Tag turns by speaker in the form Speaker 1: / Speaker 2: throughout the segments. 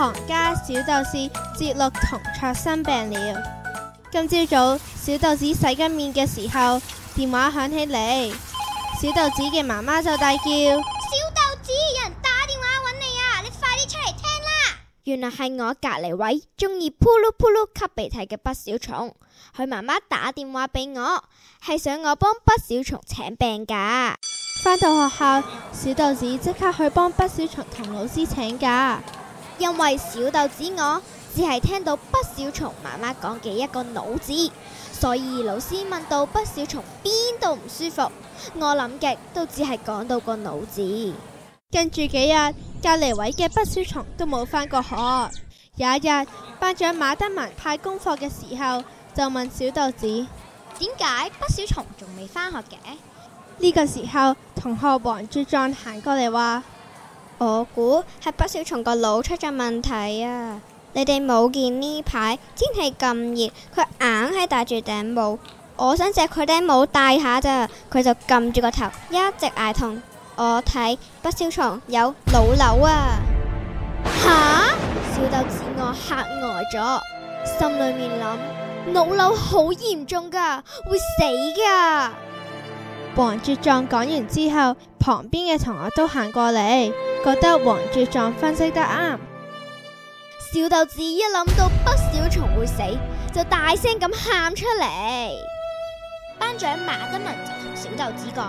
Speaker 1: 唐家小豆事，節錄，同桌生病了。今朝早，早小豆子洗緊面嘅時候，電話響起嚟，小豆子嘅媽媽就大叫，
Speaker 2: 小豆子，有人打電話揾你啊！你快啲出嚟聽啦！原來係我隔籬位中意撲嚕撲嚕吸鼻涕嘅不小蟲，佢媽媽打電話俾我，係想我幫不小蟲請病假。返到學校，小豆子即刻去幫不小蟲同老師請假。因為小豆子我只係聽到不小蟲媽媽講嘅一個腦子，所以老師問到不小蟲邊度唔舒服，我諗極
Speaker 1: 都只係講到個腦子。跟住幾日，隔籬位嘅不小蟲都冇返過學。有一日，班長馬德文派功課嘅時候，就問小豆子：
Speaker 2: 點解不小蟲仲未返學嘅？
Speaker 1: 呢個時候，同學王柱壯行過嚟話。我估係北小蟲個腦
Speaker 2: 出咗問題啊！你哋冇見呢排天氣咁熱，佢硬係戴住頂帽。我想借佢頂帽，帽戴下咋，佢就撳住個頭，一直嗌痛。我睇北小蟲有腦瘤啊！吓、啊，小豆子我嚇呆咗，心裏面諗腦
Speaker 1: 瘤好嚴重噶，會死噶。黃絕壯講完之後，旁邊嘅同學都行過嚟，覺得黃絕壯分析得啱。小豆子一諗到不小松會死，就大聲咁
Speaker 2: 喊出嚟。班長馬德文就同小豆子講：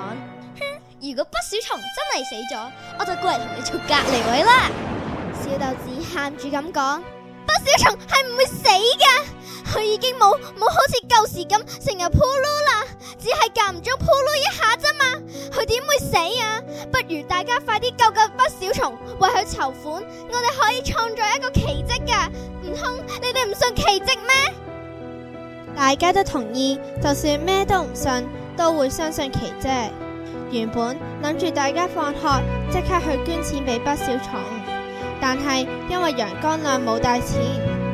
Speaker 2: 如果不小松真係死咗，我就過嚟同你做隔離位啦。小豆子喊住咁講。北小松不小蟲係唔會死噶，佢已經冇冇好似舊時咁成日鋪嚕啦，只係間唔中鋪嚕一下咋嘛，佢點會死啊？不如大家快啲救救不小蟲，為佢籌款，我哋可以創造一個奇蹟噶。唔通，你哋唔信奇蹟咩？
Speaker 1: 大家都同意，就算咩都唔信，都會相信奇蹟。原本諗住大家放學即刻去捐錢俾不小蟲。但係因為陽光亮冇帶錢，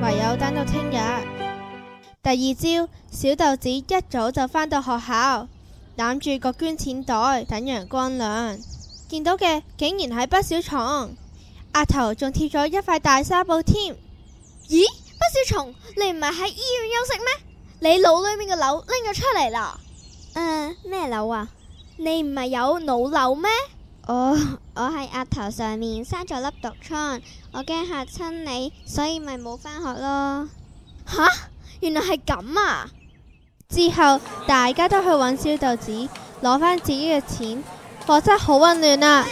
Speaker 1: 唯有等到聽日。第二朝，小豆子一早就返到學校，攬住個捐錢袋等陽光亮。見到嘅竟然係不少蟲，額頭仲貼咗一塊大紗布添。咦，不少蟲，你唔係喺醫院休息咩？
Speaker 2: 你腦裏面嘅瘤拎咗出嚟啦？嗯、呃，咩瘤啊？你唔係有腦瘤咩？我我喺額頭上面生咗粒毒瘡，我驚嚇親你，所以咪冇返學咯。吓，原來係咁啊！
Speaker 1: 之後大家都去搵小豆子攞返自己嘅錢，我真係好溫暖啊！